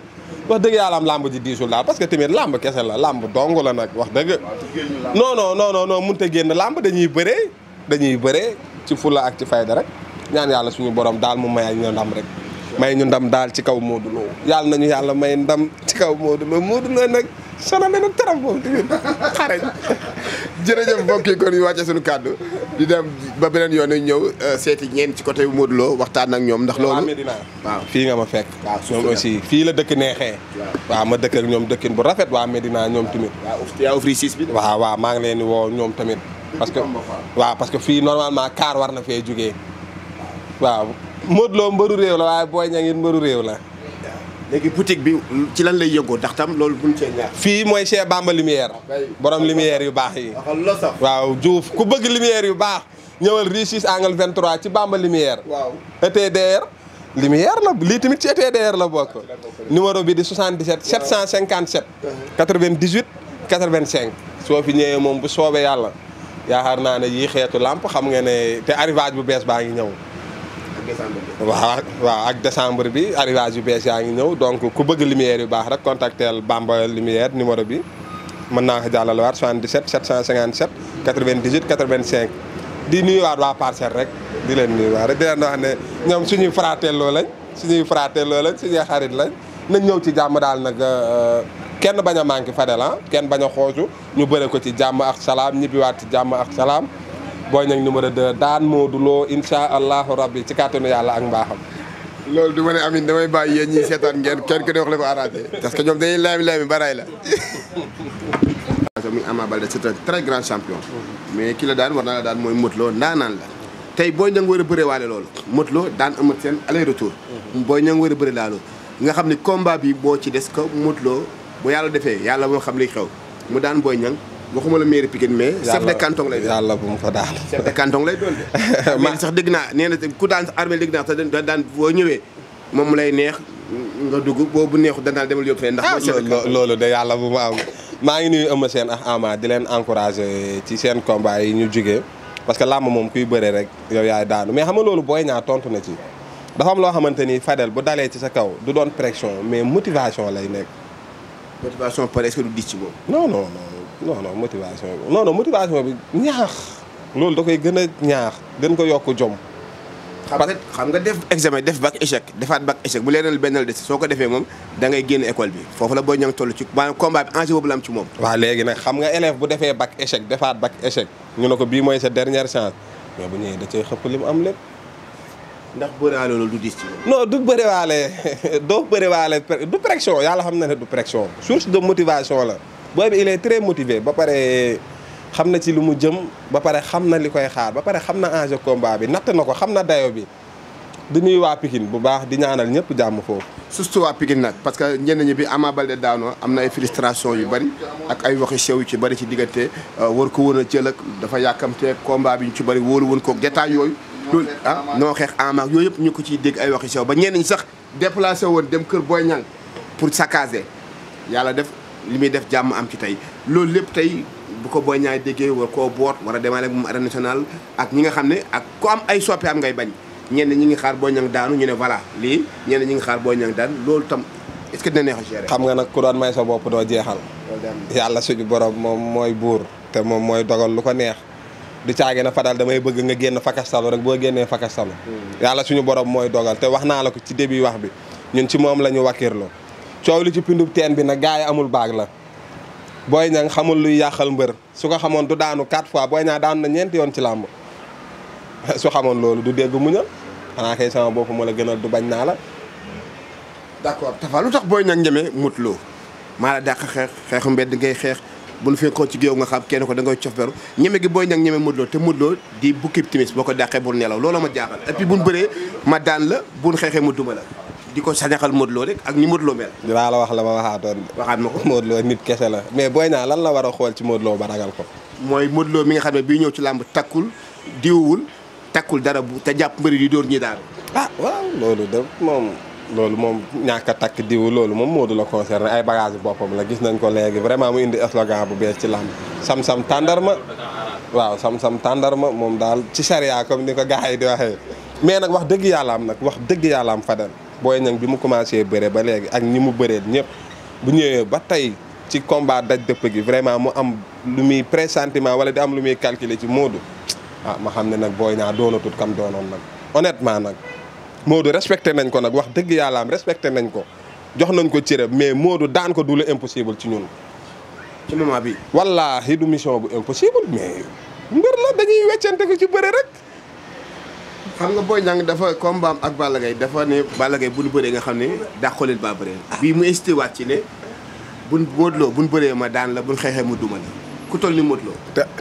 wax dëgg yàlla am làmb ji diisul daal parce que tamit làmb kese la làmb dong la nag wax dëgg non non non non non mënut a génn làmb dañuy bëree dañuy bëree ci fula ak ci fayda rek ñaan yàlla suñu borom daal mu may ñu ndam rek may ñu ndam daal ci kaw Modou Lo yàlla nañu yàlla may ndam ci kaw Modou Lo Modou Lo nag sonal na taram moom tamit xarañ jërëjëf mbokk yi kon yu wàcce suñu kàddu di dem ba beneen yoon ñëw euh, seeti ñeen ci côté Modou Lo waxtaan ak ñoom ndax loolu waaw fii nga ma fekk waaw ñoom aussi fii la dëkk neexee waaw ma dëkk ñoom dëkkin bu rafet waa Medina ñoom tamit yaa bi waaw waaw maa ngi leen di woo ñoom tamit parce que waaw parce que fii normalement kaar war na fee jógee waaw Modou Lo mbaru réew la waaye Boy Niang it réew la. léegi boutique bi ci lan lay yëngoo ndax tam loolu buñ fii mooy Cheikh Bamba lumière borom lumière yu baax yi. waaw Diouf ku bëgg lumière yu baax ñëwal Régis angle 23 ci Bamba lumière. waaw ETDR. lumière la lii tamit ci ETDR la bokk. Ah, numéro bi di 77 757. 98 85. soo fi ñëwee moom bu soobee yàlla yaakaar naa ne yii xeetu làmp xam nga ne te arrivage bu bees baa ngi ñëw. waaw waaw ak décembre bi arrivage yu bees yaa ngi ñëw donc ku bëgg lumière yu baax rek contacteel Bamba limière numéro bi mën naa ko jàllale waat 77 757 98 85 di nuyuwaat waa parcelle rek di leen nuyuwaat rek di leen wax ne ñoom suñuy fratello lañ suñuy fratello lañ suñuy xarit lañ nañ ñëw ci jàmm daal nag euh, kenn bañ a manqué Fadel ah kenn bañ a xooju ñu bëre ko ci jàmm ak salaam ñibbiwaat ci jàmm ak salaam Boy Niang numéro 2 daan Modou loo incha allahu rabbi ci kàttanu yàlla ak mbaaxam. loolu du ma ne Amine damay bàyyi yéen ñiy seetaan ngeen kenn ku la ko arrangé parce que ñoom dañuy laami laami la. muy Ama Baldé c'est un très grand champion. mais ki daan war naa la daan mooy Modou Lo ndaanaan la. tey Boy Niang war a bëre waale loolu Modou daan amat seen aller retour. Boy Niang war a bëre laaloo nga xam ni combat bi boo ci des ko Modou bu yàlla defee yàlla moo xam li xew mu daan Boy Niang waxuma la mairie Pikine mais. chef de canton lay doon yàlla bu mu ko daal. chef de canton lay doon de. mais sax dégg naa nee na ku daan armée dégg naa sax daan daan boo ñëwee moom mu lay neex nga dugg boobu neexut danaa demal yóbbu fee ndax. ah loolu de yàlla bu mu am maa ngi nuyu ëmb seen ak Ama di leen encouragé ci seen combat yi ñu jugee parce que làmb moom kuy bëree rek yow yaay daanu mais xam nga loolu booy ñaar tontu na ci. dafa am loo xamante ni Fadel bu dalee ci sa kaw du doon pression mais motivation lay nekk. motivation pare est-ce que du diis ci boobu. non non non. non non motivation bi bi ñaax loolu da koy gën a ñaax gën ko yokk jom. xam nga xam nga def examen def bac échec defaat bac échec bu leenal bennal des soo ko defee moom da ngay génn école bi foofu la booy ñang toll ci maanaam combat bi enjeu boobu la am ci moom. waaw léegi nag xam nga élève bu defee bac échec defaat bac échec ñu ne ko bii mooy sa dernière chance mais bu ñëwee da cay xëpp li mu am lépp. ndax bëriwaale loolu du dis ci non du bëriwaale doo bëriwaale du pression yàlla xam na ne du pression source de motivation la. booy bi il est motivé ba pare xam na ci lu mu jëm ba pare xam na li koy xaar ba pare xam na enjeu combat bi natte na ko xam na dayo bi di nuyu waa Pikine bu baax di ñaanal ñëpp jàmm foofu. surtout waa Pikine nag parce que ñenn ñi bi amaa Baldé daanoo am na ay frustration yu bari ak ay waxi sew yu ci bari ci diggante euh, war ko woon a jël ak dafa yàkkamtee combat bi ñu ci bari wóolu woon koog détail yooyu. loolu ah, noo xeex Ama yooyu yëpp ñu ko ciy dégg ay waxi ba ñenn ñi sax déplacé woon dem kër Boy Niang pour saccager yàlla def. li muy def jàmm am ci tey loolu lépp tey bu ko Boy Niang déggee war koo boot war a demaale ak moom arène ak ñi nga xam ne ak ku am ay soppe am ngay bañ ñenn ñi ngi xaar Boy Niang daanu ñu ne voilà lii ñenn ñi ngi xaar Boy Niang daanu loolu tam est-ce dina neex a gérer xam nga nag ku doon may sa bopp doo jeexal yàlla suñu borom moom mooy buur te moom mooy dogal lu ko neex du caagi na fa daal damay bëgg nga génn fakastalu rek boo génnee fakastalu hmm. yàlla suñu borom mooy dogal te wax naa la ko ci début wax bi ñun ci moom la ñu wakkirloo coow li ci pindub teen bi na gars yi amul baag la booy Niang xamul luy yàqal mbër su ko xamoon du daanu quatre fois booy Niang daanu na ñeenti yoon ci làmb su xamoon loolu du dégg muñal xanaa kay sama bopp ma la gënal du bañ naa la. d'accord Tapha lu tax Boy Niang ñeme Modou Lo maa la dàq xeex xeexu mbedd ngay xeex bu nu fekkoon ci géew nga xam kenn ko da ngay cof beru ñeme gi Boy Niang ñeme Modou Lo te Modou Lo di bukki timis boo ko dàqee bul nelaw looloo ma jaaxal et puis bu nu bëree ma daan la bu nu xeexee mu la. di ko sañaxal Modou rek ak ni Modou Lo mel. dinaa la wax la ma waxaatoon. waxaat ma ko Modou Lo nit kese la mais booy naa lan la war a xool ci Modou Lo ba ragal ko. mooy Modou Lo mi nga xam ne bii ñëw ci làmb takkul diwul takkul dara bu te jàpp mbëri di dóor ñi daal. ah waaw loolu de moom. loolu moom ñàkk a takk diw loolu moom Modou la concerné ay bagage boppam la gis nañ ko léegi vraiment mu indi slogan bu bees ci làmb sam-sam tàndarma waaw sam-sam tàndarma moom daal ci charia comme ni ko gars di waxee mais nag wax dëgg yàlla am nag wax dëgg yàlla am Fadel Boy Niang bi mu commencé bëre ba léegi ak ñi mu bëreel ñëpp bu ñëwee ba tey ci combat daj dëpp gi vraiment mu am lu muy pressentiment wala di am lu muy calculer ci Modou ah ma xam ne nag Boy Niang doonatut kam doonoon nag honnêtement nag Modou respecté nañ ko nag wax dëgg yàlla am respecté nañ ko jox nañ ko cëram mais Modou daan ko dul la impossible ci ñun. ci moment bi wallaahi du mission bu impossible mais mbër la dañuy weccante ko ci bëre rek. xam nga Boy Niang dafa combat ak Balla Gaye dafa ne Balla Gaye bu nu bëree nga xam ne dàqaleel ba bëree ah. bii mu incité waat ci bu buñ bóodloo buñ bëree ma daan la buñ xeexee ma duma la ku toll ni Modou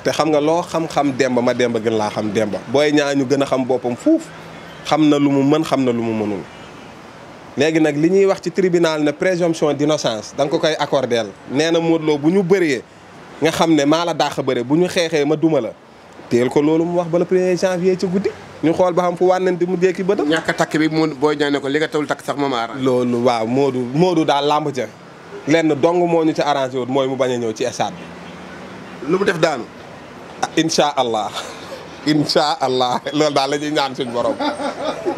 te xam nga loo xam Demba ma Demba gën laa xam Demba Boy Niang ñu gën a xam boppam fuuf xam na lu mu mën xam na lu mu mënul léegi nag li ñuy wax ci tribunal ne présomption d'innocence da nga ko koy accordeel nee na Modou bu ñu bëree nga xam ne maa la dàq bëre bu ñu xeexee ma duma la teel ko loolu mu wax ba le premier janvier ci guddi ñu xool ba xam fu wànnante mu dekki ba dem. ñàkk takk bi mu booy ñaan ko li nga tawul takk sax moom aar. loolu waaw Moodu Moodu daal làmb ja lenn dong moo ñu ci arrangé wut mooy mu bañ ñëw ci stade lu mu def daanu. Ah, incha allah incha allah loolu daal la ñuy ñaan suñu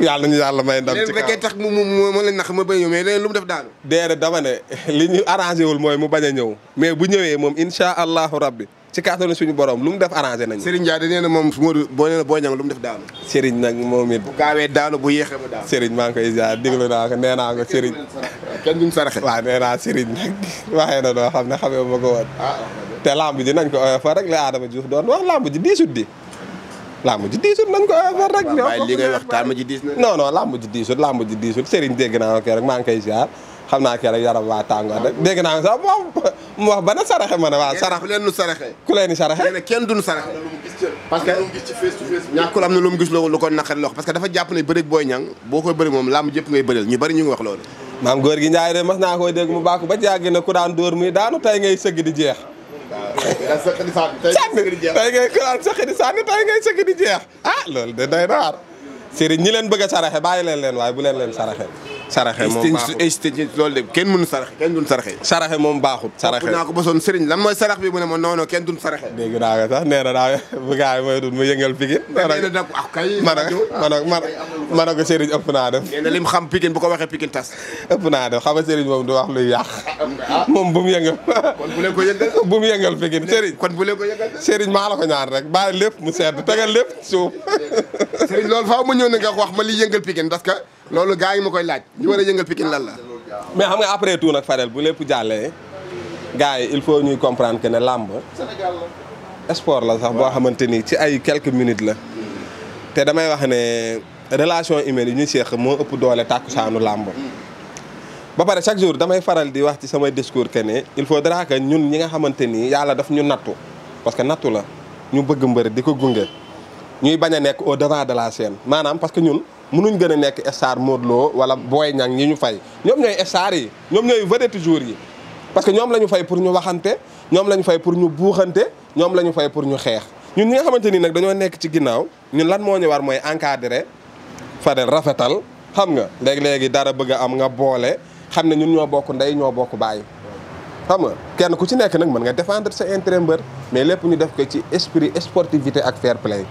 yàlla ñu yàlla may ndam. ci kaw tax mu mu mu leen nax ma bañ lu mu def daanu. déedéet dama li ñu arrangé mooy mu bañ a ñëw mais bu ñëwee moom incha allahu rabbi. ci kàttanu suñu borom lu mu def arrangé nañu. Serigne Ndiaye dañu ne moom su ma boo nee boo ñëw lu mu def daanu. Serigne nag moom it. bu gaawee daanu bu yéexee ba daanu. Serigne maa ngi koy ziar déglu naa ko nee naa ko Serigne. kenn duñ saraxe. waaw nee naa Serigne nag waxee na doo xam ne xamee ma ko woon. Ah, ah, ah, te lamb ji nañ ko oyofal rek la Adama Diouf doon wax lamb ji diisut di. lamb ji diisut nañ ko oyofal rek. waaw waaye li ngay wax lamb ji diis na. non non lamb ji diisut lamb ji diisut Serigne dégg naa ko rek maa ngi koy ziar. xam naa kii rek yaram waa tàngoor rek dégg naa ba na saraxe ma ne waa sarax ku leen nu saraxe ku leen saraxe kenn du nu saraxe parce na lu gis loolu ko naqari loxo parce que dafa jàpp ne bëri booy ñang boo koy bëri moom làmb jëpp ngay bëril ñu bëri ñu wax loolu de mas na ku daan dóor muy daanu tey ngay sëgg di jeex sànni tey ngay ku daan sëgg di sànni ah, loolu de day naar Serigne ñi leen bëgg a saraxe bàyyi leen leen waaye bu leen leen saraxe saraxe moom baaxul loolu de kenn mënu saraxe kenn duñ saraxe saraxe moom baaxul saraxe naa ko bosoon sëriñ lan mooy sarax bi mu ne ma non non kenn saraxe dégg naa ko bu gaay mooy dun mu yëngal Pikine ma ne ma ne ma ne ko moom du wax luy yàq moom bu mu yëngal kon bu leen ko ko ñaan rek bàyyi lépp mu sedd tegal lépp suuf sëriñ loolu faaw ma ñëw na nga wax ma li yëngal Pikine parce loolu gars yi ma koy laaj ñu war a yëngal Pikine lan la. mais xam nga après tout nag Fadel bu lépp jàllee gars yi il faut ñuy comprendre que ne làmb. Sénégal la. sport la sax boo xamante ni ci ay quelques minutes la. te damay wax ne relation humaine yi ñu seex moo ëpp doole tàkkusaanu làmb. ba pare chaque jour damay faral di wax ci samay discours que ne il faudra que ñun ñi nga xamante ni yàlla daf ñu nattu parce que nattu la ñu bëgg mbër di ko gunge ñuy bañ nekk au devant la scène mënuñ gën a nekk star Modou Lo wala Boy Niang ñi ñu fay ñoom ñooy star yi ñoom ñooy vedette jour yi parce que ñoom lañu ñu fay pour ñu waxante ñoom la ñu fay pour ñu buuxante ñoom la ñu fay pour ñu xeex ñun ñi nga xamante ni nag dañoo nekk ci ginnaaw ñun lan moo ñu war mooy encadrer Fadel rafetal xam nga léegi-léegi dara bëgg am nga boole xam ne ñun ñoo bokk ndey ñoo bokk bàyyi xam nga kenn ku ci nekk nag mën nga défendre sa intérêt mbër mais lépp ñu def ko ci esprit sportivité ak fair play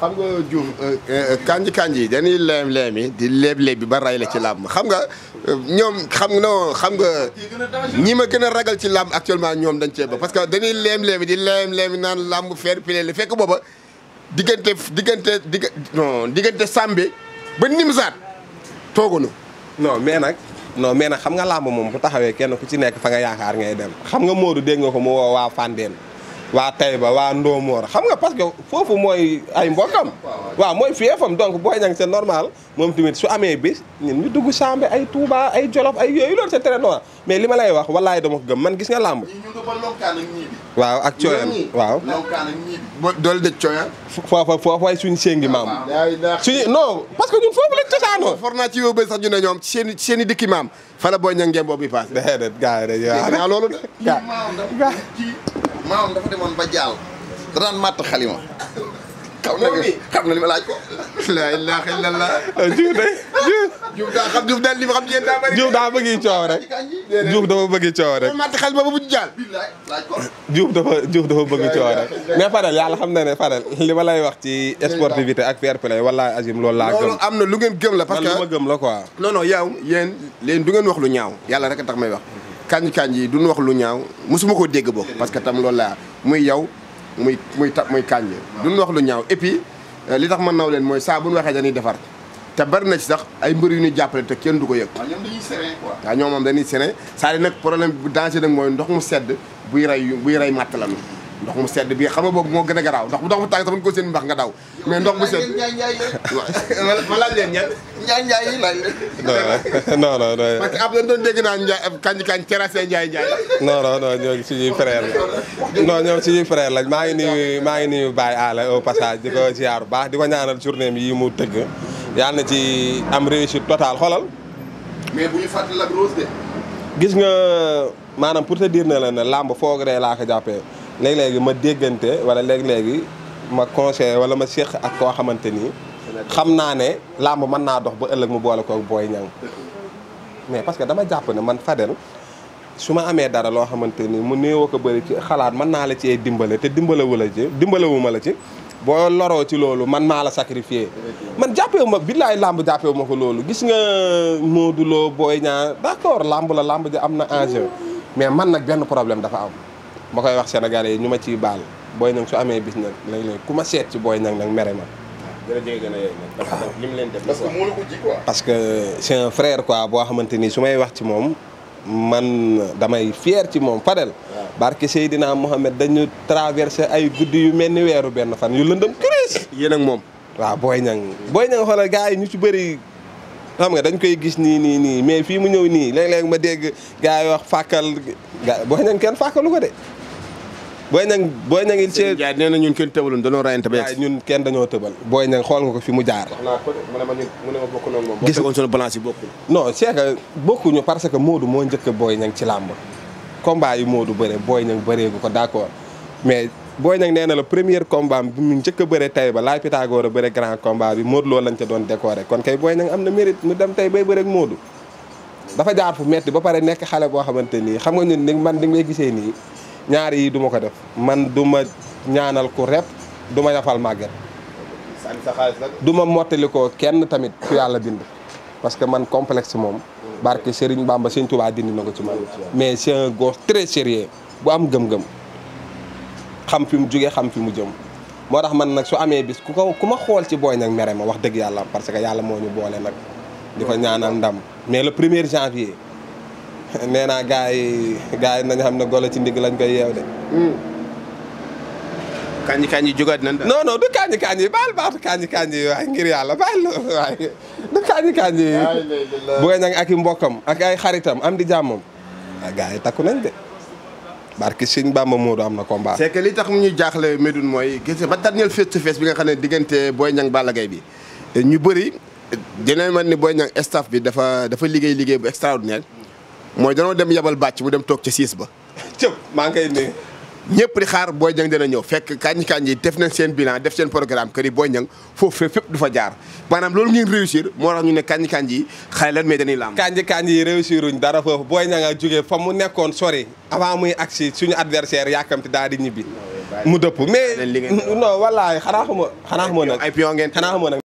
xam nga Diouf euh, euh, kanji kanji yi dañuy leem leem di léeb léeb bi ba ray la ci làmb xam nga euh, ñoom xam nga non xam nga ñi ma gën a ragal ci làmb actuellement ñoom dañ cee ba parce que dañuy leem leem yi di leem leem naan làmb fair play la fekk booba diggante diggante digg non diggante Sambé ba Nimzaat toogunu non mais nag non mais nag xam nga làmb moom bu taxawee kenn ku ci nekk fa nga yaakaar ngay dem xam nga Modou dégg nga ko mu woo waa waa Taïba waa Ndoomoor xam nga parce que foofu mooy ay mbokkam waaw mooy fiefam donc Boy Niang c'est normal moom tamit su amee bis ñun ñu dugg Sambe ay Touba ay Jolof ay yooyu loolu c'est très mais li ma wax wallaay dama ko gëm man gis nga làmb waaw ak cooyaan dool dëj cooyaan foofa foofaay suñu séngi suñu non parce que ñun foofu lañ cosaanoo naa ci yow sax ñu ne ñoom seen seen i dëkki maam fala Boy Niang ngeen boobu bi paase déedéet gars loolu de maamam dafa demoon ba jaal da daan màtt xalima. xam na li na li ma laaj ko. la ilaha illallah. Eh, Diouf de Diouf. Diouf daa xam Diouf daal li ma xam yéen daa bëri. Diouf daa bëgg coow rek. Diouf dafa bëgg rek. màtt xalima ba bu jaal. laaj ko. Diouf dafa Diouf dafa bëgg coow rek. mais Fadel yàlla xam na ne Fadel li ma lay wax ci sportivité ak fair play wallaay Azim laa gëm. am na lu ngeen gëm la parce que man lu ma gëm la quoi. non yow yéen leen du ngeen wax lu ñaaw yàlla rek a tax may wax. kanj kanj yi duñu wax lu ñaaw mosuma koo dégg bokk parce que tam loolu laa muy yow muy muy ta muy kanj duñu wax lu ñaaw et euh, li tax ma naw leen mooy saa bu waxee dañuy defar te bari na ci sax ay mbër yu ñu jàppale te kenn du ko yëg waaw ñoom dañuy seree saa di nag problème bu danger nag mooy ndox mu sedd buy rey buy rey màtt lanu ndox mu sedd bi xam nga boobu moo gën a garaaw ndox bu ndox ko seen mbax nga daw mais mu sedd ma laaj leen ñan njaay njaay yi laaj leen non non non parce que ab ñoo suñuy frère la maa ngi nuyu maa ngi nuyu Baye Alla au passage di ko baax di ko ñaanal journée mi yi mu tëgg yàlla na ci am réussite totale xoolal gis nga maanaam pour te dire ne la ne làmb foogree laa ko léegi-léegi ma déggante wala léegi-léegi ma conseil wala ma séq ak koo xamante ni xam naa ne làmb mën naa dox ba ëllëg mu boole koog booy ñang mais parce que dama jàpp ne man Fadel su ma amee dara loo xamante ni mu néew ko bari ci xalaat mën naa la cee dimbale te dimbalewu la ci dimbalewu ma la ci boo loroo ci loolu man maa la sacrifié man jàppewu ma billaay làmb jàppewu ma ko loolu gis nga Modou Lo Boy Niang d'accord làmb la làmb ji am na enjeu mais man benn problème dafa am ma koy wax Sénégalais yi ñu ma ciy baal booy nag su amee bis nag léeg-léeg seet ci booy nag nag mere ma. parce que li mu leen def parce que moo la ko ji quoi. parce boo xamante ni su may wax ci moom man damay fier ci moom Fadel. barke Seydina Mohamed dañu traversé ay guddi yu mel ni weeru benn fan yu lëndëm crise yéen moom. waa booy ñang booy ñang xoolal gars yi ñu ci bëri xam nga dañ koy gis nii nii nii mais fii mu ñëw nii léeg-léeg ma dégg gars yi wax fàkkal ga booy ñang kenn fàkkalu ko de. booy ñang booy ñang il cee jaay na ñun kenn tëbaloon dañoo rayante ba yegg ñun dañoo tëbal booy ñang xool nga ko fi bokk na moom gis nga sunu balance yi bokkul non c'est que bokkuñu parce moo njëkk booy ñang ci làmb combat yu Modou bëre booy ñang bëreegu ko d'accord mais booy ñang nee na la premier combat bi mu njëkk a bëre tey ba laay Pythagore a bëre grand combat bi Modou loolu lañ ca doon décoré kon kay booy ñang am na mérite mu dem tey bay bëre ak Modou dafa jaar fu metti ba pare nekk xale boo xamante nii xam nga ñun ni man di ngay gisee nii ñaari yi duma ko def man du ma ñaanal ku rep du ma yafal màgget du ma mottali ko kenn tamit ku yàlla dind parce que man complexe moom barke Serigne Bamba Serigne Touba dind na ko ci man mais c'est un gosse très sérieux bu am gëm-gëm xam fi mu jógee xam fi mu jëm moo tax man nag su amee bis ku ko ku ma xool ci booy nag mere ma wax dëgg yàlla parce que yàlla moo ñu boole nag di ko ñaanal ndam mais le premier janvier nee naa gars yi gars yi nañ xam ne golo ci ndig lañ koy yeew de. Hmm. kañi kañi jógaat nañ non non du kañi kañi baal baatu kañi kañi waaye yàlla baal waaye ñang ak i mbokkam ak ay xaritam am di jàmmam. ah gars yi takku nañ de. barki Sëñ Bamba Modou am na combat. c'est que li ñu jaaxle Médoune mooy gis ba dernier face to bi nga xam ne diggante Boy Niang Balla Gaye bi ñu bëri dinañ ni Boy Niang bi dafa dafa liggéey liggéey bu extraordinaire. mooy danoo dem yabal bàcc bu dem toog ca siis ba. cëp maa ngay ne ñëpp di xaar Boy Niang dina ñëw fekk kañ kañ yi def nañ seen bilan def seen programme que ni Boy Niang foofu fépp du fa jaar maanaam loolu ngeen réussir moo tax ñu ne kañ kañ yi xale lan mais dañuy laam. kañ kañ yi réussiruñ dara foofu booy Niang a jógee fa mu nekkoon sori avant muy agsi suñu adversaire yàkkamti daal di ñibbi. mu dëpp mais non wallaay xanaa xamoo xanaa xamoo nag ay pion ngeen xanaa xamoo nag